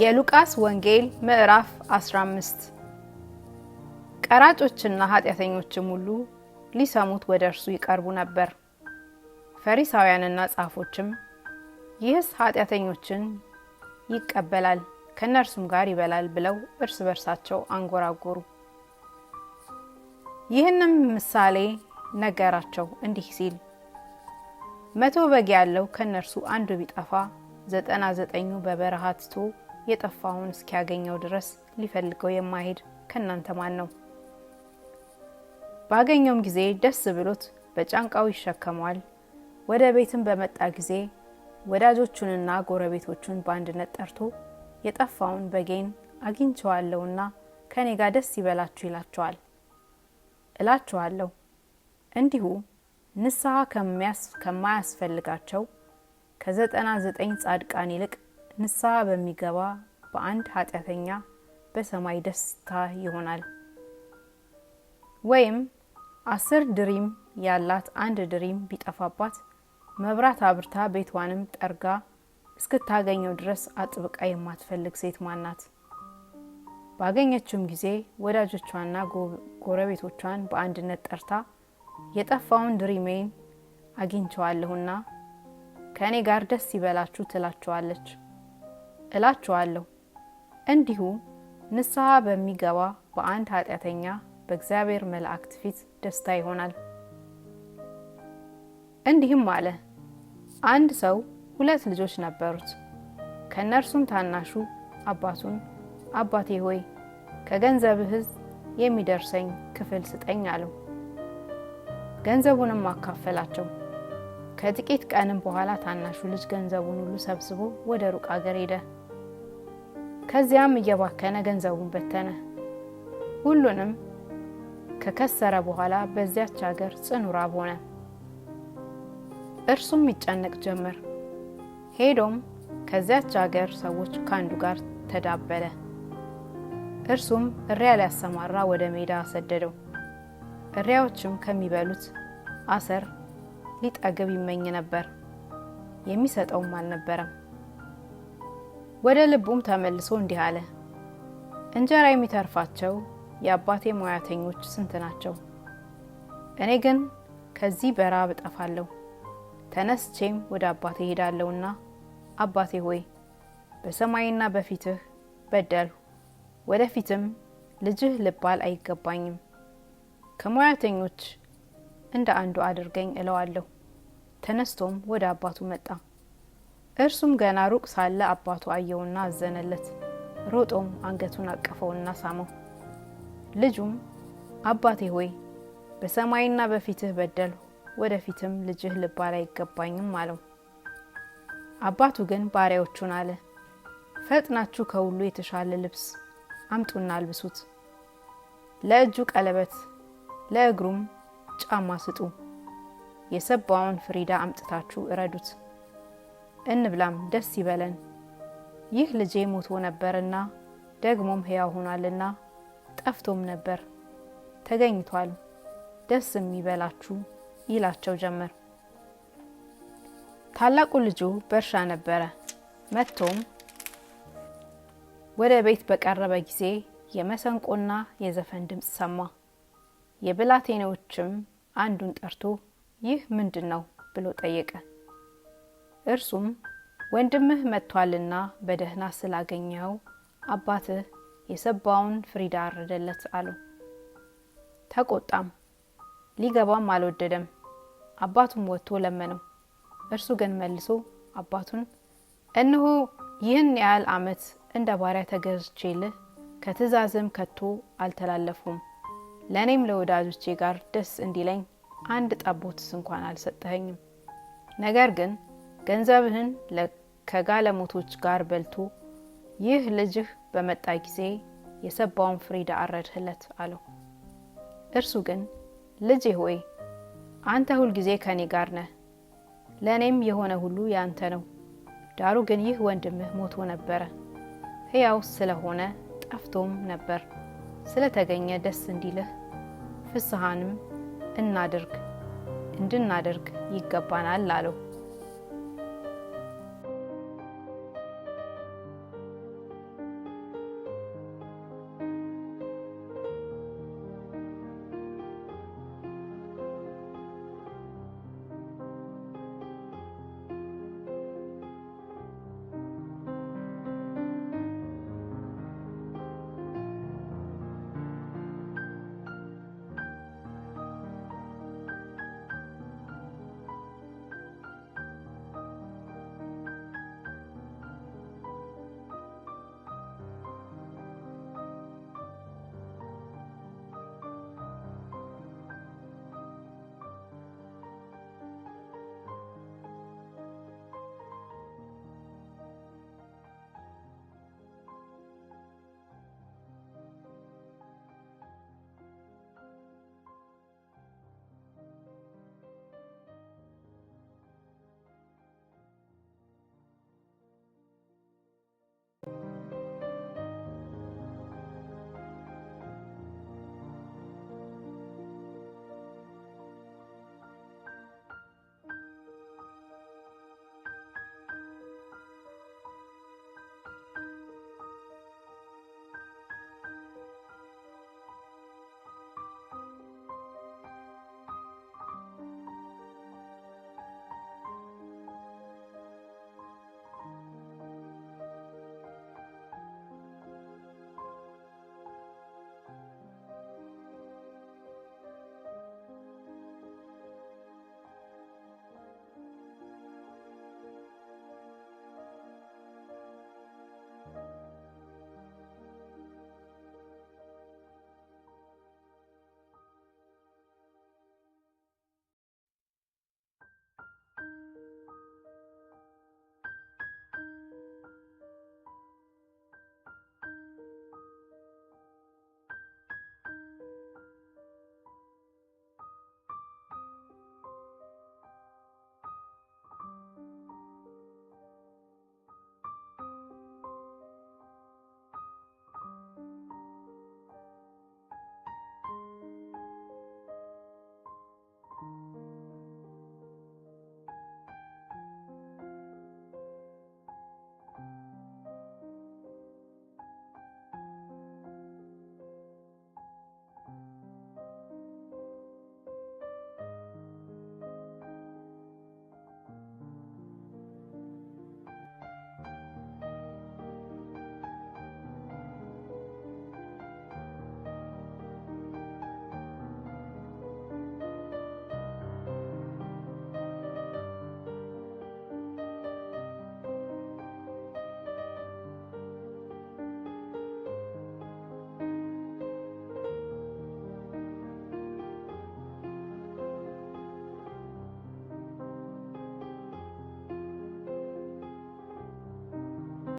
የሉቃስ ወንጌል ምዕራፍ 15 ቀራጮችና ኃጢአተኞችም ሁሉ ሊሰሙት ወደ እርሱ ይቀርቡ ነበር። ፈሪሳውያንና ጻፎችም ይህስ ኃጢአተኞችን ይቀበላል ከእነርሱም ጋር ይበላል ብለው እርስ በርሳቸው አንጎራጎሩ። ይህንም ምሳሌ ነገራቸው እንዲህ ሲል መቶ በግ ያለው ከእነርሱ አንዱ ቢጠፋ ዘጠና ዘጠኙ በበረሃ ትቶ የጠፋውን እስኪያገኘው ድረስ ሊፈልገው የማይሄድ ከእናንተ ማን ነው? ባገኘውም ጊዜ ደስ ብሎት በጫንቃው ይሸከመዋል። ወደ ቤትም በመጣ ጊዜ ወዳጆቹንና ጎረቤቶቹን በአንድነት ጠርቶ የጠፋውን በጌን አግኝቼዋለሁና ከእኔ ጋር ደስ ይበላችሁ ይላቸዋል። እላችኋለሁ እንዲሁ ንስሐ ከማያስፈልጋቸው ከዘጠና ዘጠኝ ጻድቃን ይልቅ ንስሐ በሚገባ በአንድ ኃጢአተኛ በሰማይ ደስታ ይሆናል። ወይም አስር ድሪም ያላት አንድ ድሪም ቢጠፋባት መብራት አብርታ ቤቷንም ጠርጋ እስክታገኘው ድረስ አጥብቃ የማትፈልግ ሴት ማናት? ባገኘችውም ጊዜ ወዳጆቿና ጎረቤቶቿን በአንድነት ጠርታ የጠፋውን ድሪሜን አግኝቸዋለሁና ከእኔ ጋር ደስ ይበላችሁ ትላቸዋለች። እላችኋለሁ። እንዲሁም ንስሐ በሚገባ በአንድ ኃጢአተኛ በእግዚአብሔር መላእክት ፊት ደስታ ይሆናል። እንዲህም አለ። አንድ ሰው ሁለት ልጆች ነበሩት። ከእነርሱም ታናሹ አባቱን አባቴ ሆይ ከገንዘብ ህዝ የሚደርሰኝ ክፍል ስጠኝ አለው። ገንዘቡንም አካፈላቸው። ከጥቂት ቀንም በኋላ ታናሹ ልጅ ገንዘቡን ሁሉ ሰብስቦ ወደ ሩቅ አገር ሄደ። ከዚያም እየባከነ ገንዘቡን በተነ። ሁሉንም ከከሰረ በኋላ በዚያች አገር ጽኑ ራብ ሆነ። እርሱም ይጨነቅ ጀመር። ሄዶም ከዚያች አገር ሰዎች ከአንዱ ጋር ተዳበለ። እርሱም እሪያ ሊያሰማራ ወደ ሜዳ አሰደደው እሪያዎችም ከሚበሉት አሰር ሊጠግብ ይመኝ ነበር፣ የሚሰጠውም አልነበረም። ወደ ልቡም ተመልሶ እንዲህ አለ፣ እንጀራ የሚተርፋቸው የአባቴ ሙያተኞች ስንት ናቸው? እኔ ግን ከዚህ በራብ እጠፋለሁ። ተነስቼም ወደ አባቴ ሄዳለሁና አባቴ ሆይ በሰማይና በፊትህ በደልሁ፣ ወደፊትም ልጅህ ልባል አይገባኝም። ከሙያተኞች እንደ አንዱ አድርገኝ እለዋለሁ። ተነስቶም ወደ አባቱ መጣ። እርሱም ገና ሩቅ ሳለ አባቱ አየውና አዘነለት። ሮጦም አንገቱን አቀፈውና ሳመው። ልጁም አባቴ ሆይ በሰማይና በፊትህ በደልሁ፣ ወደፊትም ልጅህ ልባል አይገባኝም አለው። አባቱ ግን ባሪያዎቹን አለ፣ ፈጥናችሁ ከሁሉ የተሻለ ልብስ አምጡና አልብሱት፣ ለእጁ ቀለበት፣ ለእግሩም ጫማ ስጡ፣ የሰባውን ፍሪዳ አምጥታችሁ እረዱት እንብላም ደስ ይበለን፣ ይህ ልጄ ሞቶ ነበርና ደግሞም ሕያው ሆኗልና፣ ጠፍቶም ነበር ተገኝቷል፣ ደስም ይበላችሁ ይላቸው ጀመር። ታላቁ ልጁ በእርሻ ነበረ። መጥቶም ወደ ቤት በቀረበ ጊዜ የመሰንቆና የዘፈን ድምፅ ሰማ። የብላቴናዎችም አንዱን ጠርቶ ይህ ምንድን ነው ብሎ ጠየቀ። እርሱም ወንድምህ መጥቷልና በደህና ስላገኘው አባትህ የሰባውን ፍሪዳ አረደለት አለው። ተቆጣም፣ ሊገባም አልወደደም። አባቱም ወጥቶ ለመነው። እርሱ ግን መልሶ አባቱን እነሆ ይህን ያህል ዓመት እንደ ባሪያ ተገዝቼልህ ከትእዛዝም ከቶ አልተላለፉም። ለእኔም ለወዳጆቼ ጋር ደስ እንዲለኝ አንድ ጠቦትስ እንኳን አልሰጠኸኝም። ነገር ግን ገንዘብህን ከጋለሞቶች ጋር በልቶ ይህ ልጅህ በመጣ ጊዜ የሰባውን ፍሪዳ አረድህለት አለው። እርሱ ግን ልጄ ሆይ አንተ ሁልጊዜ ከእኔ ጋር ነህ፣ ለእኔም የሆነ ሁሉ ያንተ ነው። ዳሩ ግን ይህ ወንድምህ ሞቶ ነበረ፣ ሕያው ስለሆነ ጠፍቶም ነበር ስለተገኘ ደስ እንዲልህ ፍስሐንም እናድርግ እንድናደርግ ይገባናል አለው።